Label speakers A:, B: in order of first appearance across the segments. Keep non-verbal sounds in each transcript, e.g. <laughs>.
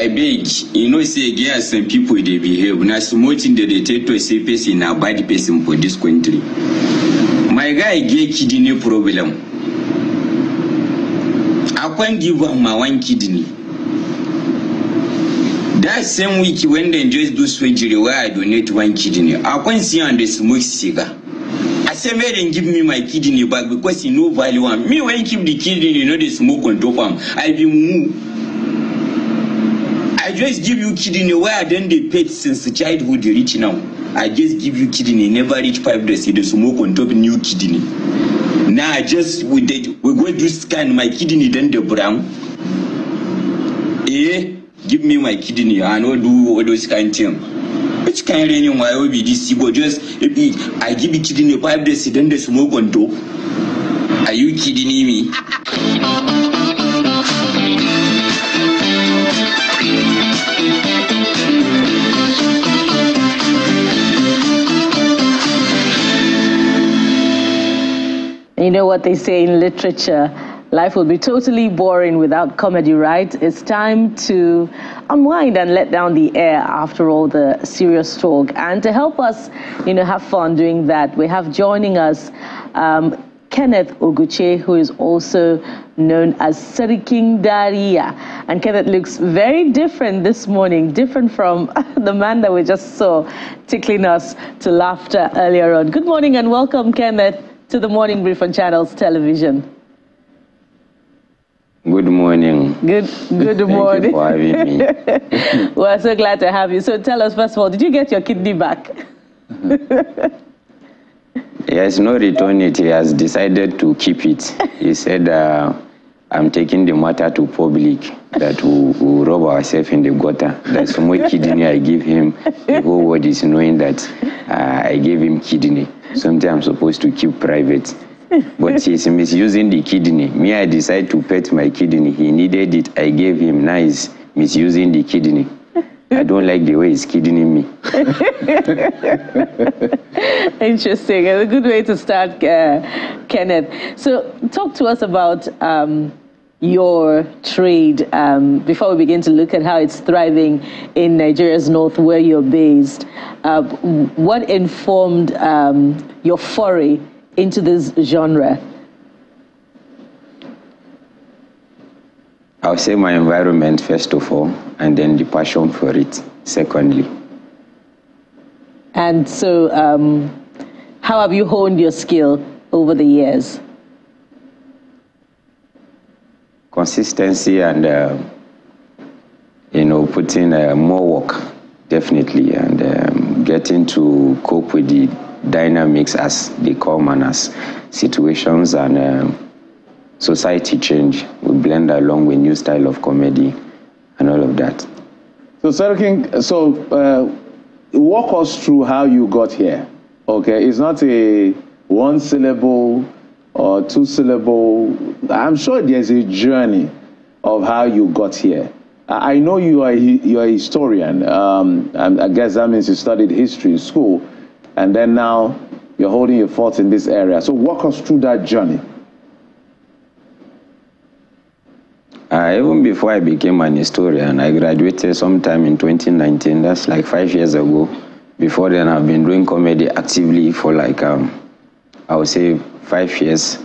A: i beg you know say e get as some pipo dey behave na small thing dey dey take to say person na bad person for dis country my guy get kidney problem i con give am my one kidney that same week when dem just do surgery wey i donate one kidney i con see am dey smoke cigar i say make dem give me my kidney back because e no value am me wey keep the kidney no dey smoke on top am i be move I just give you kidney where I then they paid since childhood rich now. I just give you kidney, never reach five days, you smoke on top new kidney. Now I just we did we go do scan my kidney then the brown. Eh, give me my kidney, I know do all those kind thing. Which kind of reason why be this but just if I give you kidney five days, then the smoke on top. Are you kidding me?
B: <laughs> You know what they say in literature life will be totally boring without comedy, right? It's time to unwind and let down the air after all the serious talk. And to help us, you know, have fun doing that, we have joining us. Um, Kenneth Oguche, who is also known as Sariking Daria. And Kenneth looks very different this morning, different from <laughs> the man that we just saw tickling us to laughter earlier on. Good morning and welcome, Kenneth to the morning brief on Channels Television.
A: Good morning.
B: Good good Thank morning. Thank you for having me. <laughs> We're so glad to have you. So tell us first of all, did you get your kidney back?
A: he has not it. He has decided to keep it. He said, uh, I'm taking the matter to public that we, we rob ourselves in the gutter. That's more kidney I give him. The whole world is knowing that uh, I gave him kidney. Sometimes I'm supposed to keep private. but he's misusing the kidney. Me, I decided to pet my kidney. He needed it. I gave him. Now he's misusing the kidney. I don't like the way he's kidding me. <laughs>
B: Interesting. a good way to start, uh, Kenneth. So, talk to us about um, your trade um, before we begin to look at how it's thriving in Nigeria's north where you're based. Uh, what informed um, your foray into this genre?
A: I'll say my environment first of all, and then the passion for it secondly.
B: And so, um, how have you honed your skill over the years?
A: consistency and uh, you know putting uh, more work definitely and um, getting to cope with the dynamics as they come and as situations and um, society change we blend along with new style of comedy and all of that
C: so Sir King, so uh, walk us through how you got here okay it's not a one syllable or two syllable. I'm sure there's a journey of how you got here. I know you are you are a historian. Um, I guess that means you studied history in school, and then now you're holding your fort in this area. So walk us through that journey.
A: Uh, even before I became an historian, I graduated sometime in 2019. That's like five years ago. Before then, I've been doing comedy actively for like um, I would say five years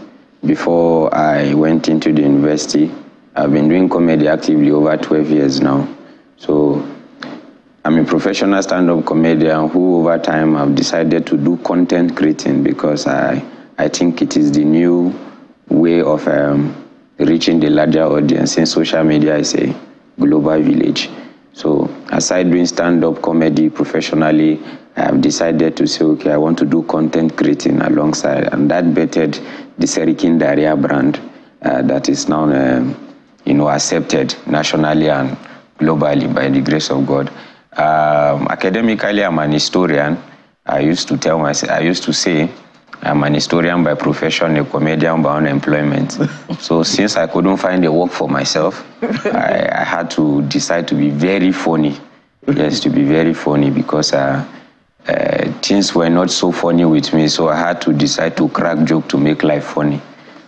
A: before I went into the university. I've been doing comedy actively over 12 years now. So I'm a professional stand-up comedian who over time I've decided to do content creating because I, I think it is the new way of um, reaching the larger audience since social media is a global village. So aside doing stand-up comedy professionally, I've decided to say, okay, I want to do content creating alongside, and that bettered the Serikin Daria brand uh, that is now, um, you know, accepted nationally and globally by the grace of God. Um, academically, I'm an historian. I used to tell myself, I used to say, I'm an historian by profession, a comedian by unemployment. so since I couldn't find a work for myself, I, I, had to decide to be very funny. Yes, to be very funny because uh, Uh, things were not so funny with me, so I had to decide to crack joke to make life funny.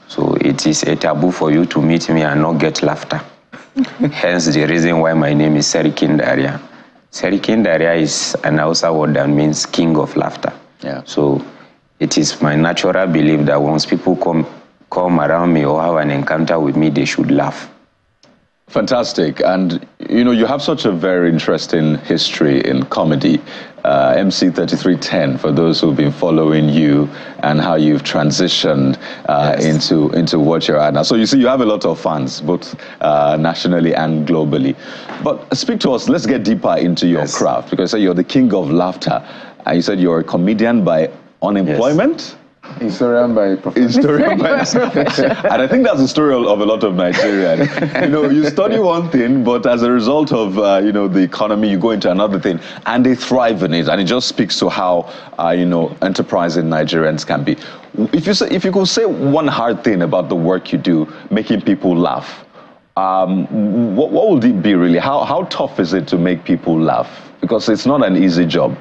A: So it is a taboo for you to meet me and not get laughter. <laughs> Hence the reason why my name is Serikin Daria. Serikin Daria is an Hausa word that means king of laughter. Yeah. So it is my natural belief that once people come come around me or have an encounter with me, they should laugh. Fantastic. And, you know, you have such a
D: very interesting history in comedy. Uh, MC3310, for those who've been following you and how you've transitioned uh, yes. into, into what you're at now. So you see, you have a lot of fans, both uh, nationally and globally. But speak to us, let's get deeper into your yes. craft, because you're the king of laughter. And you said you're a comedian by unemployment?
C: Yes. Historian by profession. by <laughs> profession. and I think that's
D: the story of a lot of Nigerians. <laughs> you know, you study one thing, but as a result of, uh, you know, the economy, you go into another thing, and they thrive in it. And it just speaks to how, uh, you know, enterprising Nigerians can be. If you, say, if you could say one hard thing about the work you do, making people laugh, um, what, what would it be really? How, how tough is it to make people laugh? Because it's not an easy job.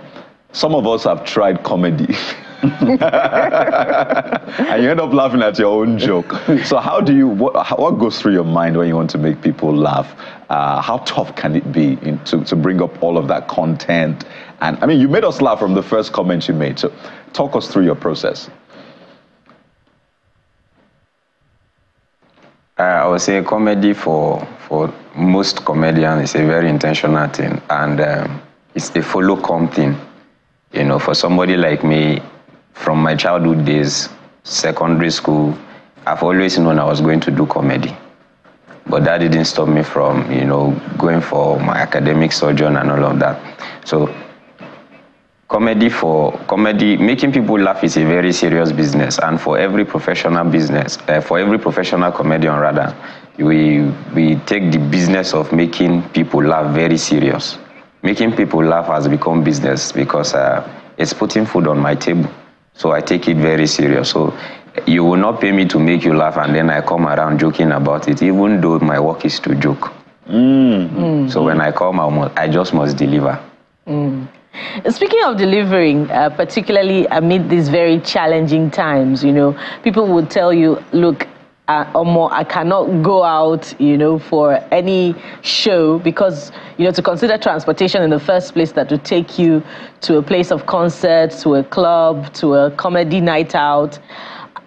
D: Some of us have tried comedy. <laughs> <laughs> and you end up laughing at your own joke. So how do you, what, what goes through your mind when you want to make people laugh? Uh, how tough can it be in, to, to bring up all of that content? And I mean, you made us laugh from the first comment you made. So
A: talk us through your process. Uh, I would say comedy for for most comedians is a very intentional thing, and um, it's a follow up thing. You know, for somebody like me, from my childhood days, secondary school, I've always known I was going to do comedy. But that didn't stop me from, you know, going for my academic sojourn and all of that. So comedy for comedy making people laugh is a very serious business and for every professional business uh, for every professional comedian rather we we take the business of making people laugh very serious making people laugh has become business because uh, it's putting food on my table so I take it very serious. So you will not pay me to make you laugh and then I come around joking about it, even though my work is to joke.
B: Mm. Mm.
A: So when I come, I, must, I just must deliver.
B: Mm. Speaking of delivering, uh, particularly amid these very challenging times, you know, people would tell you, look, uh, or more, I cannot go out, you know, for any show because, you know, to consider transportation in the first place that would take you to a place of concert, to a club, to a comedy night out.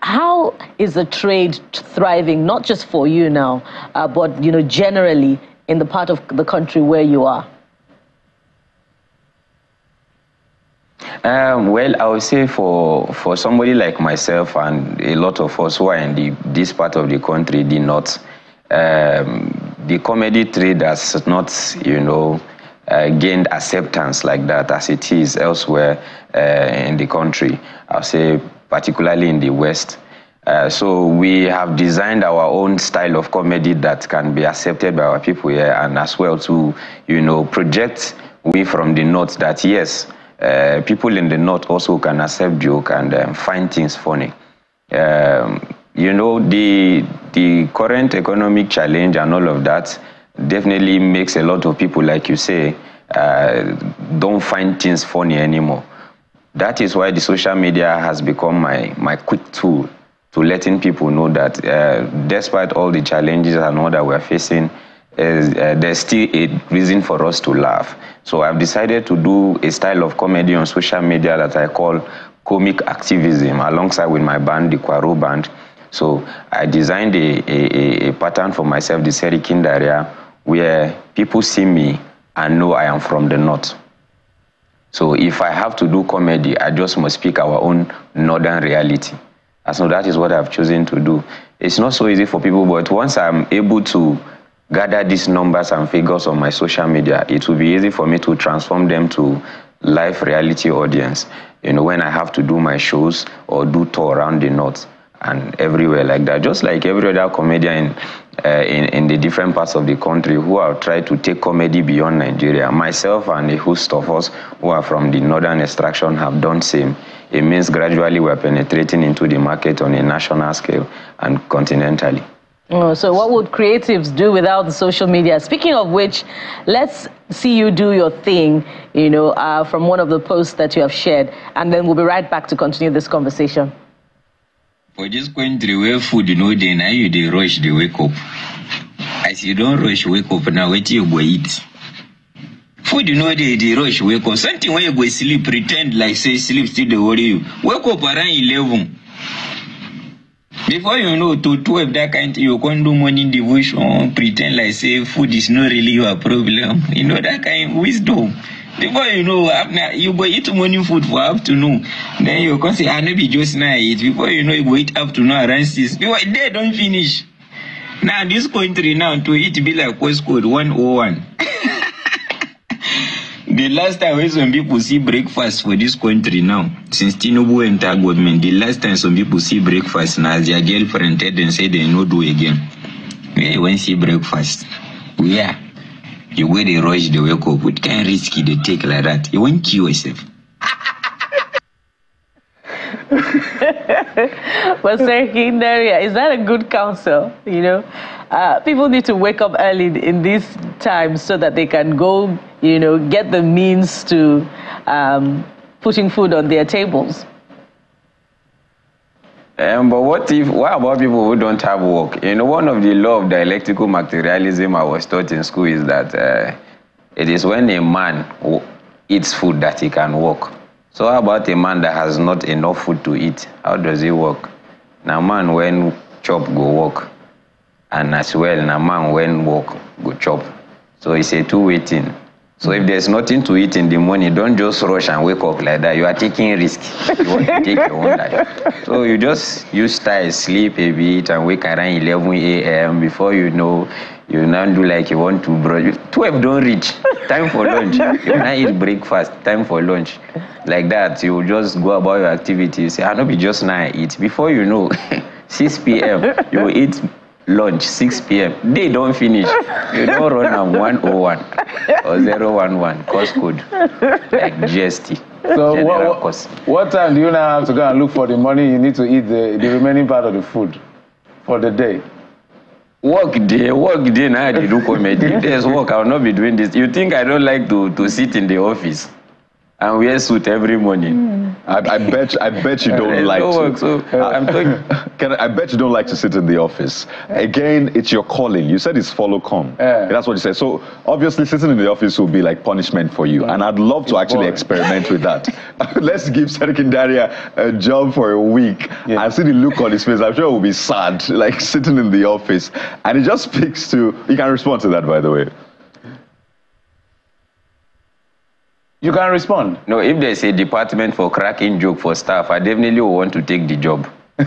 B: How is the trade thriving, not just for you now, uh, but, you know, generally in the part of the country where you are?
A: Um, well, I would say for for somebody like myself and a lot of us who are in the, this part of the country, the north, um, the comedy trade has not, you know, uh, gained acceptance like that as it is elsewhere uh, in the country. i would say particularly in the West. Uh, so we have designed our own style of comedy that can be accepted by our people here, and as well to you know project we from the north that yes, uh, people in the north also can accept joke and um, find things funny. Um, you know, the the current economic challenge and all of that definitely makes a lot of people, like you say, uh, don't find things funny anymore. That is why the social media has become my my quick tool to letting people know that uh, despite all the challenges and all that we're facing, uh, there's still a reason for us to laugh. So I've decided to do a style of comedy on social media that I call comic activism alongside with my band, the Quaro Band. So I designed a, a, a pattern for myself, the Seri Kindaria, where people see me and know I am from the north. So if I have to do comedy, I just must speak our own northern reality. And so that is what I've chosen to do. It's not so easy for people, but once I'm able to gather these numbers and figures on my social media, it will be easy for me to transform them to live reality audience. You know, when I have to do my shows or do tour around the north and everywhere like that, just like every other comedian in, uh, in, in, the different parts of the country who have tried to take comedy beyond Nigeria. Myself and a host of us who are from the northern extraction have done same. It means gradually we're penetrating into the market on a national scale and continentally.
B: Oh, so, what would creatives do without the social media? Speaking of which, let's see you do your thing, you know, uh, from one of the posts that you have shared, and then we'll be right back to continue this conversation.
A: For this country where food, you know, they you they rush, they wake up. As you don't rush, wake up now, what you go eat. Food, you know, they, they rush, wake up. Something when you go sleep, pretend like say sleep still they worry you. Wake up around 11. before you know to twelve that kind you can do morning devotion pretend like say food is not really your problem <laughs> you know that kind wisdom before you know you go eat morning food for afternoon then you con say i no be just now eat before you know you go eat afternoon around six Before day don't finish now this country now to eat be like postcode 101. <laughs> The last time when some people see breakfast for this country now, since Tinubu enter government, the last time some people see breakfast now, as their girlfriend said, say they no do again. They won't see breakfast. Yeah. The way they rush the wake up, what kind of risk they take like that? You won't kill yourself. <laughs> but
B: is that a good counsel? You know, uh, people need to wake up early in these times so that they can go you know, get the means to um, putting food on their tables.
A: Um, but what if what about people who don't have work? You know, one of the law of dialectical materialism I was taught in school is that uh, it is when a man eats food that he can work. So how about a man that has not enough food to eat? How does he work? Now man when chop go work, and as well now man when work go chop. So it's a two-way thing. So if there's nothing to eat in the morning, don't just rush and wake up like that. You are taking risk. You want to take your own life. So you just you start sleep a bit, and wake around 11 a.m. Before you know, you now do like you want to brush. 12 don't reach. Time for lunch. You now eat breakfast. Time for lunch. Like that, you just go about your activities. I know be just now eat. Before you know, 6 <laughs> p.m. you eat lunch 6 p.m. They don't finish. You don't run am 101 or 011 cost code like GST. So what, what, what, time do you now
C: have to go and look for the money you need to eat the, the remaining part of the food for the day?
A: Work day, work day. Now They do comedy. if there's work, I will not be doing this. You think I don't like to, to sit in the office and wear suit every morning? Mm. I, bet I
D: bet you don't like to. Work, so
A: <laughs> I'm talking.
D: Can, I bet you don't like to sit in the office. Again, it's your calling. You said it's follow come. Yeah. That's what you said. So obviously, sitting in the office will be like punishment for you. Yeah. Mm. And I'd love to actually boring. experiment with that. <laughs> <laughs> Let's give Serkin Daria a job for a week. Yeah. I see the look on his face. I'm sure it will be sad, like sitting in the office. And it just speaks to. You can respond to that, by the way.
A: You can respond. No, if there's a department for cracking joke for staff, I definitely want to take the job. <laughs>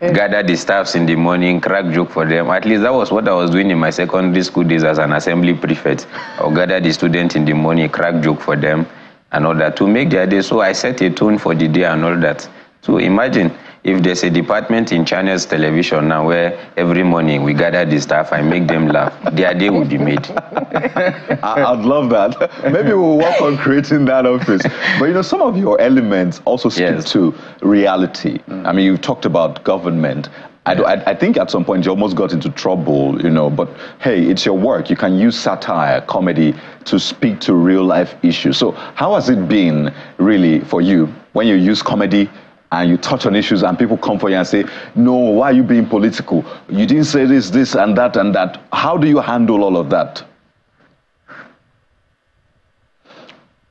A: Gather the staffs in the morning, crack joke for them. At least that was what I was doing in my secondary school days as an assembly prefect. I'll gather the students in the morning, crack joke for them, and all that to make their day. So I set a tone for the day and all that. So imagine if there's a department in China's Television now where every morning we gather the staff and make them laugh, their day would be made. <laughs> I, would love
D: that. Maybe we'll work on creating that office. But you know, some of your elements also speak yes. to reality. Mm. I mean, you've talked about government. I, do, I, I, think at some point you almost got into trouble, you know, but hey, it's your work. You can use satire, comedy to speak to real life issues. So, how has it been really for you when you use comedy and you touch on issues and people come for you and say, no, why are you being political? You didn't say this, this, and that, and that. How do you handle all of that?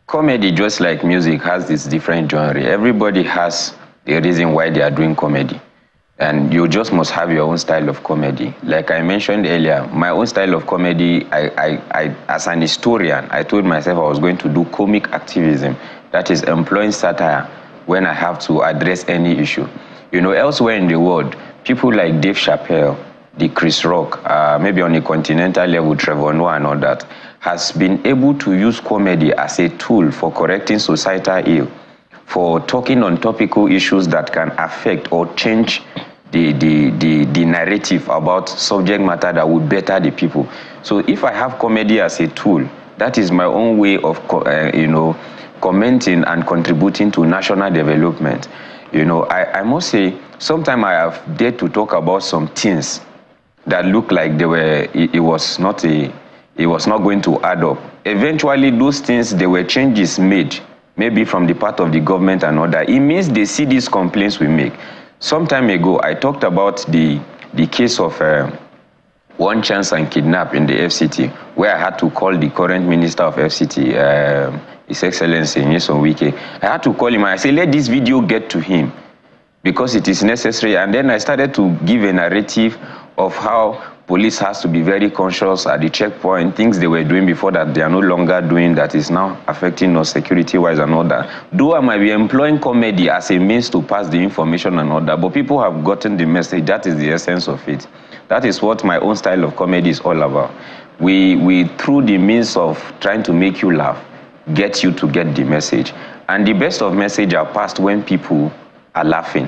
A: Comedy, just like music, has this different genre. Everybody has the reason why they are doing comedy. And you just must have your own style of comedy. Like I mentioned earlier, my own style of comedy, I, I, I, as an historian, I told myself I was going to do comic activism, that is, employing satire when I have to address any issue. You know, elsewhere in the world, people like Dave Chappelle, the Chris Rock, uh, maybe on a continental level, Trevor Noah and all that, has been able to use comedy as a tool for correcting societal ill, for talking on topical issues that can affect or change the, the, the, the narrative about subject matter that would better the people. So if I have comedy as a tool, that is my own way of, uh, you know, commenting and contributing to national development. You know, I, I must say, sometimes I have dared to talk about some things that looked like they were, it, it was not a, it was not going to add up. Eventually, those things, there were changes made, maybe from the part of the government and other. It means they see these complaints we make. Some time ago, I talked about the, the case of uh, one chance and kidnap in the FCT, where I had to call the current minister of FCT, um, His Excellency Nyesom Wike. I had to call him and I said, let this video get to him because it is necessary. And then I started to give a narrative of how police has to be very conscious at the checkpoint, things they were doing before that they are no longer doing that is now affecting us security-wise and all that. Though I might be employing comedy as a means to pass the information and all that, but people have gotten the message. That is the essence of it. That is what my own style of comedy is all about. We, we through the means of trying to make you laugh, get you to get the message. And the best of message are passed when people are laughing.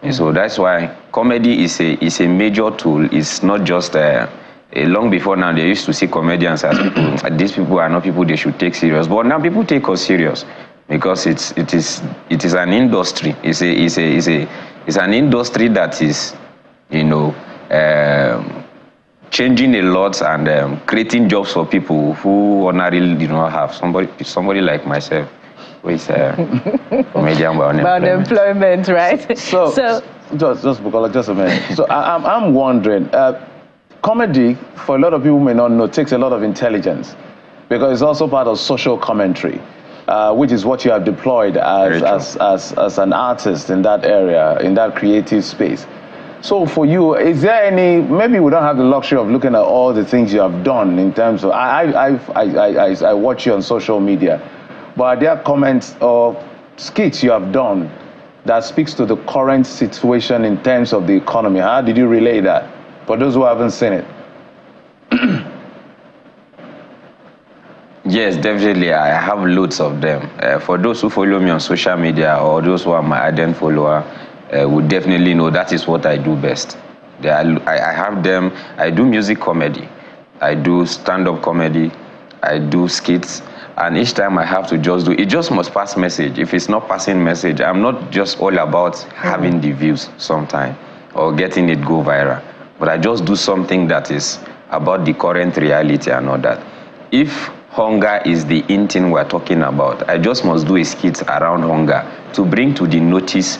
A: And so that's why comedy is a, is a major tool. It's not just a, uh, a eh, long before now, they used to see comedians as people, <clears throat> ah, these people are not people they should take serious. But now people take us serious because it's, it, is, it is an industry. It's, a, it's, a, it's, a, it's an industry that is, you know, um, changing a lot and um, creating jobs for people who ordinarily do not have. Somebody, somebody like myself, who is uh, a comedian by <laughs> unemployment.
C: unemployment, right? <laughs> So, so, just, just, because, just a minute. so I, am I'm, I'm wondering, uh, comedy, for a lot of people may not know, takes a lot of intelligence because it's also part of social commentary. Uh, which is what you have deployed as, as, as, as an artist in that area, in that creative space. So for you, is there any? Maybe we don't have the luxury of looking at all the things you have done in terms of. I I I I, I, I watch you on social media, but are there comments or skits you have done that speaks to the current situation in terms of the economy? How did you relay that for those who haven't seen it? <clears throat>
A: yes, definitely. I have loads of them. Uh, for those who follow me on social media or those who are my ardent follower uh, would definitely know that is what I do best. They are, I, I have them, I do music comedy, I do stand up comedy, I do skits, and each time I have to just do it, just must pass message. If it's not passing message, I'm not just all about having mm. the views sometime or getting it go viral, but I just do something that is about the current reality and all that. If hunger is the in thing we're talking about, I just must do a skit around hunger to bring to the notice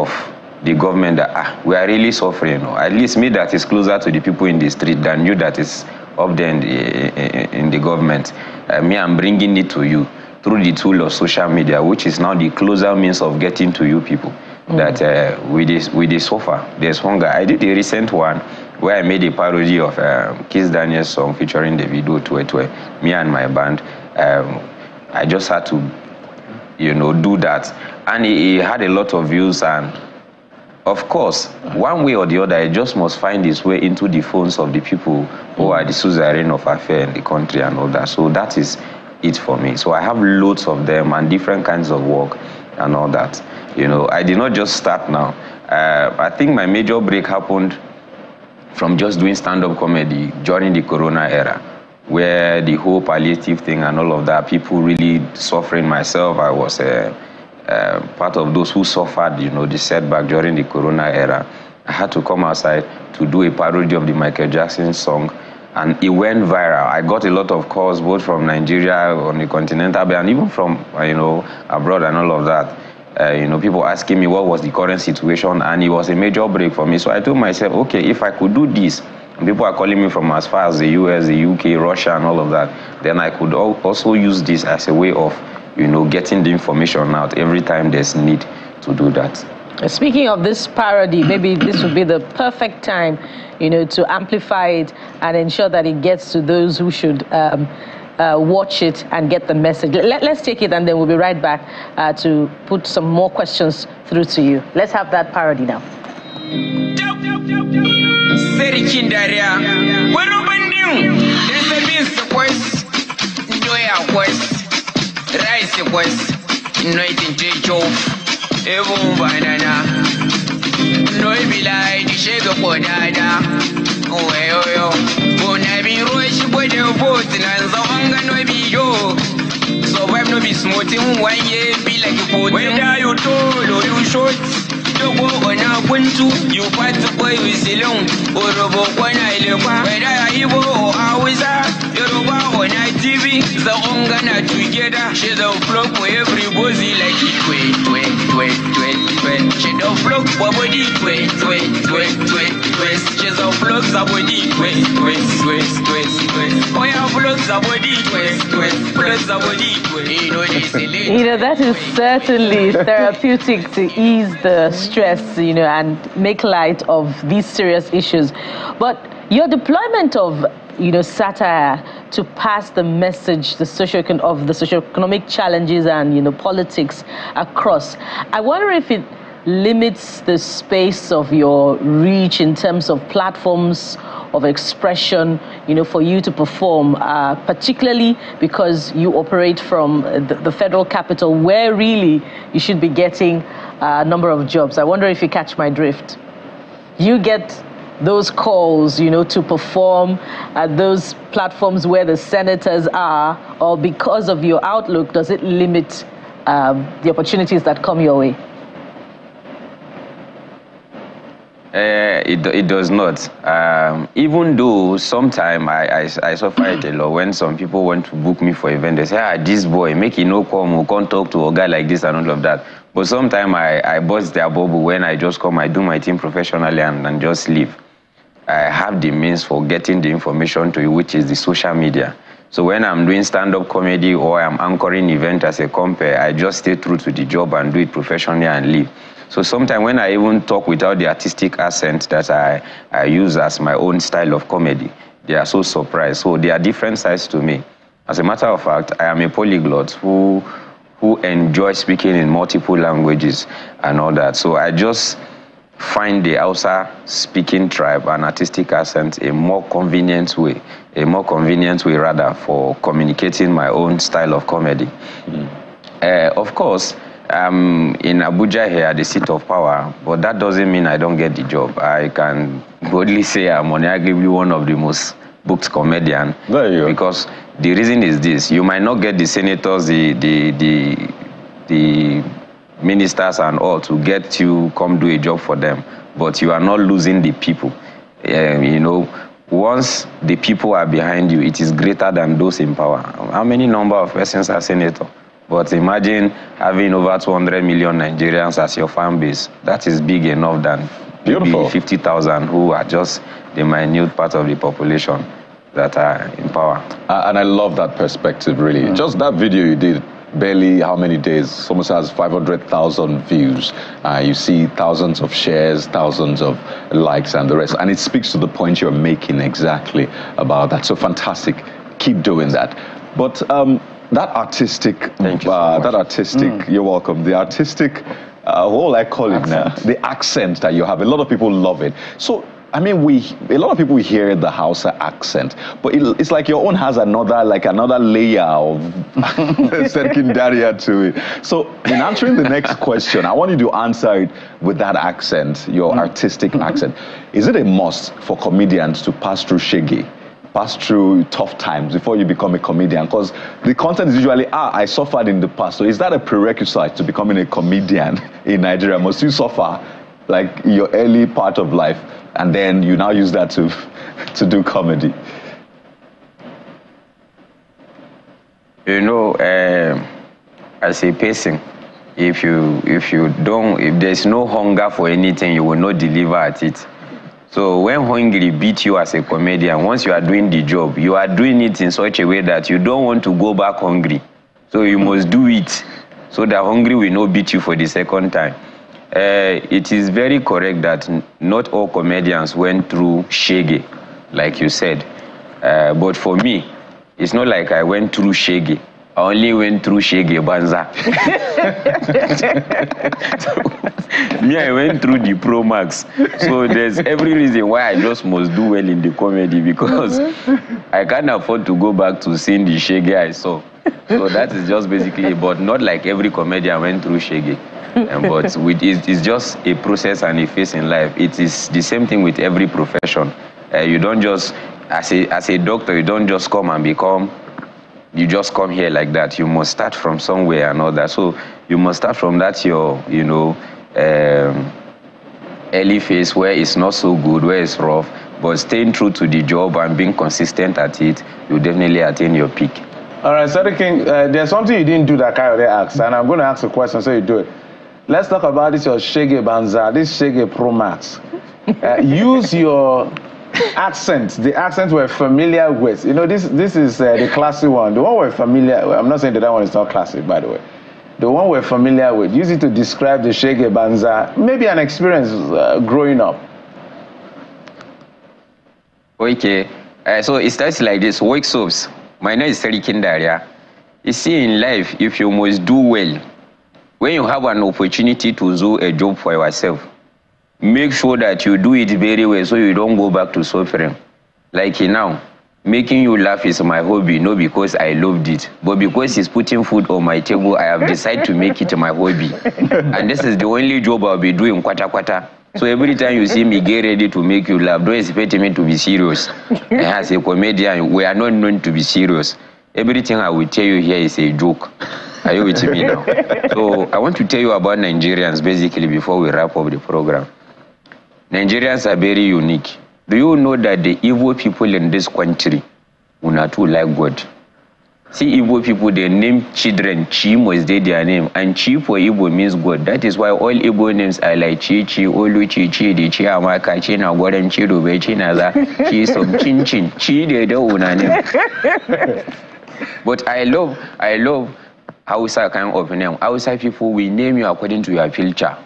A: of the government that ah, we are really suffering. at least me that is closer to the people in the street than you that is up there in the, in the government. Uh, me, I'm bringing it to you through the tool of social media, which is now the closer means of getting to you people. Mm. That uh, with this with this sofa, there's hunger. I did a recent one where I made a parody of uh, um, Kiss Daniel's song featuring the to it, where me and my band. Um, I just had to you know, do that. And he, he had a lot of views and of course, one way or the other, he just must find his way into the phones of the people who are the suzerain of affair in the country and all that. So that is it for me. So I have loads of them and different kinds of work and all that. You know, I did not just start now. Uh, I think my major break happened from just doing stand-up comedy during the corona era where the whole palliative thing and all of that, people really suffering. Myself, I was uh, uh, part of those who suffered, you know, the setback during the Corona era. I had to come outside to do a parody of the Michael Jackson song, and it went viral. I got a lot of calls both from Nigeria on the continental, and even from uh, you know abroad and all of that. Uh, you know, people asking me what was the current situation, and it was a major break for me. So I told myself, okay, if I could do this People are calling me from as far as the US, the UK, Russia, and all of that. Then I could also use this as a way of, you know, getting the information out every time there's need to do that.
B: Uh, speaking of this parody, maybe this would be the perfect time, you know, to amplify it and ensure that it gets to those who should um, uh, watch it and get the message. Let, us take it and then we'll be right back uh, to put some more questions through to you. Let's have that parody now.
A: seri chindarya kwenobandim disebenzi kwes ndoya kwes raisi kwes noiti ndechof ebumbanana noibilai ndishege kodada weyoyo oh, oh, bonabiro echibwede bozi nanza wanga nobiyo zobaibnobisimoti mwanye bilakikoiwendayotolo oh, yushoti ona you fight boy orobo kwana ilekwa yoruba tv the together she for everybody like it she for body she for body oh yeah for body for body
B: you know that is certainly therapeutic to ease the stress stress, you know, and make light of these serious issues. But your deployment of you know, satire to pass the message the socio- of the socioeconomic challenges and, you know, politics across. I wonder if it limits the space of your reach in terms of platforms of expression, you know, for you to perform, uh, particularly because you operate from the, the federal capital where really you should be getting uh, number of jobs. I wonder if you catch my drift. You get those calls, you know, to perform at those platforms where the senators are, or because of your outlook, does it limit um, the opportunities that come your way?
A: Uh, it, it does not. Um, even though sometimes I, I, I, suffer it a lot when some people want to book me for events. they say, ah, this boy, make it no come, we can't talk to a guy like this and all of that. But sometimes I, I bust their bubble when I just come, I do my thing professionally and, and just leave. I have the means for getting the information to you, which is the social media. So when I'm doing stand-up comedy or I'm anchoring event as a compare, I just stay true to the job and do it professionally and leave. So sometimes when I even talk without the artistic accent that I, I use as my own style of comedy, they are so surprised. So they are different sides to me. As a matter of fact, I am a polyglot who who enjoy speaking in multiple languages and all that. So I just find the Hausa speaking tribe and artistic accent a more convenient way, a more convenient way rather for communicating my own style of comedy. Mm. Uh, of course, I'm in Abuja here, the seat of power, but that doesn't mean I don't get the job. I can boldly say I'm arguably one of the most booked comedian. There you go. Because the reason is this: you might not get the senators, the the the, the ministers and all to get you come do a job for them, but you are not losing the people. Um, you know, once the people are behind you, it is greater than those in power. How many number of persons are senator? But imagine having over 200 million Nigerians as your fan base. That is big enough than Beautiful. maybe 50,000 who are just the minute part of the population that are in power. and I love that perspective, really. Mm.
D: Just that video you did, barely how many days, almost has 500,000 views. Uh, you see thousands of shares, thousands of likes, and the rest. And it speaks to the point you're making exactly about that. So fantastic. Keep doing that. But um, that artistic, uh, that artistic, mm. you're welcome. The artistic. Uh, what will I call accent. it now? The accent that you have. A lot of people love it. So I mean, we a lot of people hear the Hausa accent, but it, it's like your own has another like another layer of <laughs> secondaria to it. So, in answering the next question, I want you to answer it with that accent, your mm-hmm. artistic mm-hmm. accent. Is it a must for comedians to pass through shaggy? pass through tough times before you become a comedian? Because the content is usually, ah, I suffered in the past. So is that a prerequisite to becoming a comedian <laughs> in Nigeria? Must you suffer like your early part of life, and then you now use that to
A: <laughs> to do comedy? You know, uh, as a person, if you if you don't if there's no hunger for anything, you will not deliver at it. So when hungry beat you as a comedian, once you are doing the job, you are doing it in such a way that you don't want to go back hungry. So you must do it so that hungry will not beat you for the second time. Uh, it is very correct that not all comedians went through shege, like you said. Uh, but for me, it's not like I went through shege. I only went through shege banza. so, <laughs> me, I went through the pro max. So there's every reason why I just must do well in the comedy because mm-hmm. I can't afford to go back to seeing the shege I saw so that is just basically, but not like every comedian went through Shaggy. um, but with, it's, it's, just a process and a phase in life. It is the same thing with every profession. Uh, you don't just, as a, as a doctor, you don't just come and become, you just come here like that. You must start from somewhere and all that. So you must start from that, your, you know, um, early phase where it's not so good, where it's rough, but staying true to the job and being consistent at it, you definitely attain your peak.
C: All right, Sadiq King, uh, there's something you didn't do that Kayode asked, and I'm going to ask a question so you do it. Let's talk about this your Shege Banza, this Shege Pro Max. Uh, use your accent, the accent we're familiar with. You know, this, this is uh, the classy one. The one we're familiar with. I'm not saying that that one is not classic, by the way. The one we're familiar with. Use it to describe the Shege Banza, maybe an experience uh, growing up.
A: Okay. Uh, so it starts like this, wake soaps. My is Serikin Daria. You see, in life, if you must do well, when you have an opportunity to do a job for yourself, make sure that you do it very well so you don't go back to suffering. Like now, making you laugh is my hobby, not because I loved it, but because it's putting food on my table, I have decided to make it my hobby. <laughs> and this is the only job I'll be doing, quarter quarter. So every time you see me, get ready to make you laugh. Don't expect me to be serious. <laughs> Eh, as a comedian, we are not known to be serious. Everything I will tell you here is a joke. Are you with me now? so I want to tell you about Nigerians basically before we wrap up the program. Nigerians are very unique. Do you know that the evil people in this country will not like God? See Igbo people, they name children must is their name, and Chi for Igbo means God. That is why all Igbo names are like Chi Chi, Olu Chi Chi, Di Chi Amaka, Chi Nagwaran, Chi Dube Chi Naza, Chi Som <laughs> Chin Chin, Chi they don't
B: name.
A: But I love, I love Hausa kind of name. Hausa people, we name you according to your culture.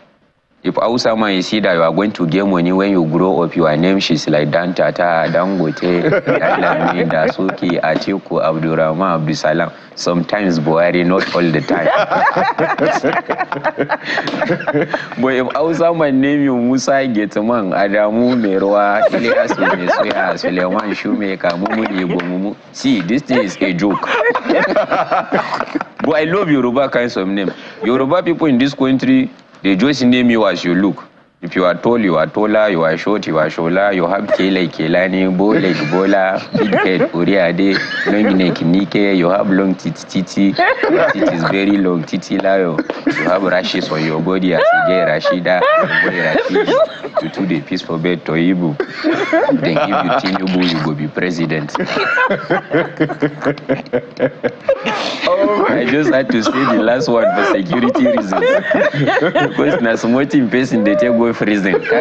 A: If Hausa man you see that you are going to get money when you grow up, your name she's like Dan Tata, Dangote, Alami, Dasuki, Atiku, Abdurrahman, Abdusalam. Sometimes Buhari, not all the time. <laughs> but if Hausa man name you Musa Getman, Adamu Merwa, Iliasu Mesuya, Suleiman Shoemaker, Mumuni Bomumu. See, this thing is a joke. <laughs> but I love Yoruba kinds of name. Yoruba people in this country, The dressing name you as you look. If you are tall, you are taller, you are short, you are shola, you have kele kelani, bo leg bowler. big head, uriade, long neck nike, you have long titi titi, it is is very long titi layo, you have rashes on your body as you get Rashida, your body Rashid, to two the peaceful for bed to Ibu.
B: Then give you
A: Tinubu, you will be president. I just had to say the last one for security reasons. because Nasumoti in person they take we freeze them. <laughs>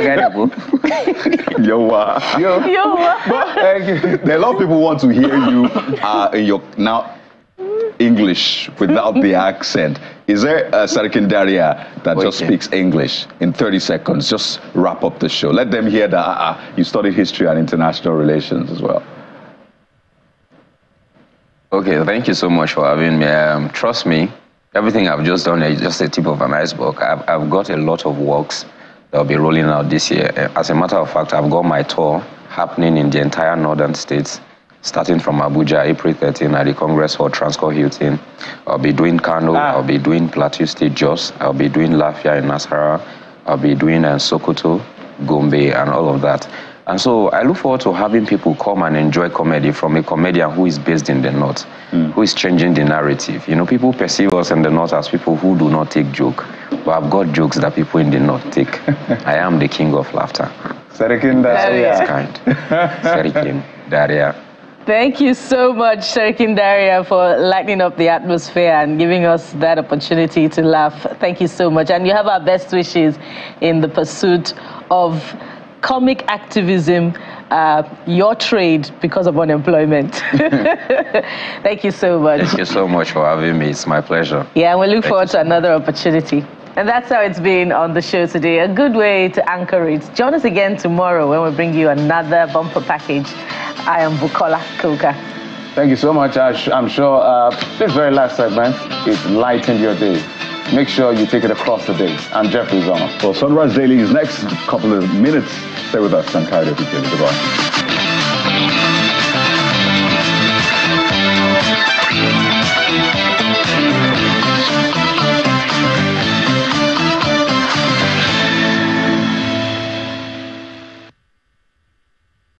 A: Yo. Uh, uh.
D: Eh, a lot of people want to hear you uh, in your now English without the <laughs> accent. Is there a Daria that just speaks English in 30 seconds? Just wrap up the show. Let them hear that uh, uh you studied history and international relations as well.
A: Okay, thank you so much for having me. Um, trust me, everything I've just done is just the tip of an iceberg. I've, I've got a lot of works that will be rolling out this year. Eh, as a matter of fact, I've got my tour happening in the entire northern states, starting from Abuja, April 13, at the Congress Hall, Transcorp Hilton. I'll be doing Kano, ah. I'll be doing Plateau State Jos, I'll be doing Lafia in Nasara, I'll be doing uh, Sokoto, Gombe, and all of that. And so I look forward to having people come and enjoy comedy from a comedian who is based in the North, mm. who is changing the narrative. You know, people perceive us in the North as people who do not take joke, but I've got jokes that people in the North take. <laughs> I am the king of laughter.
C: Serikin Daria. kind.
A: Serikin Daria.
B: Thank you so much, Serikin Daria, for lighting up the atmosphere and giving us that opportunity to laugh. Thank you so much. And you have our best wishes in the pursuit of comic activism, uh, your trade because of unemployment. <laughs> Thank you so much.
A: Thank you so much for having me. It's my pleasure. Yeah,
B: we look Thank forward to another opportunity. And that's how it's been on the show today. A good way to anchor it. Join us again tomorrow when we bring you another bumper package. I am Bukola Koka.
C: Thank you so much, Ash. I'm sure uh, this very last segment, is lightened your day make sure you take it across the day. I'm Jeffrey Zahn.
D: Well, Sunrise Daily is next couple of minutes. Stay with us. I'm Kyle Goodbye.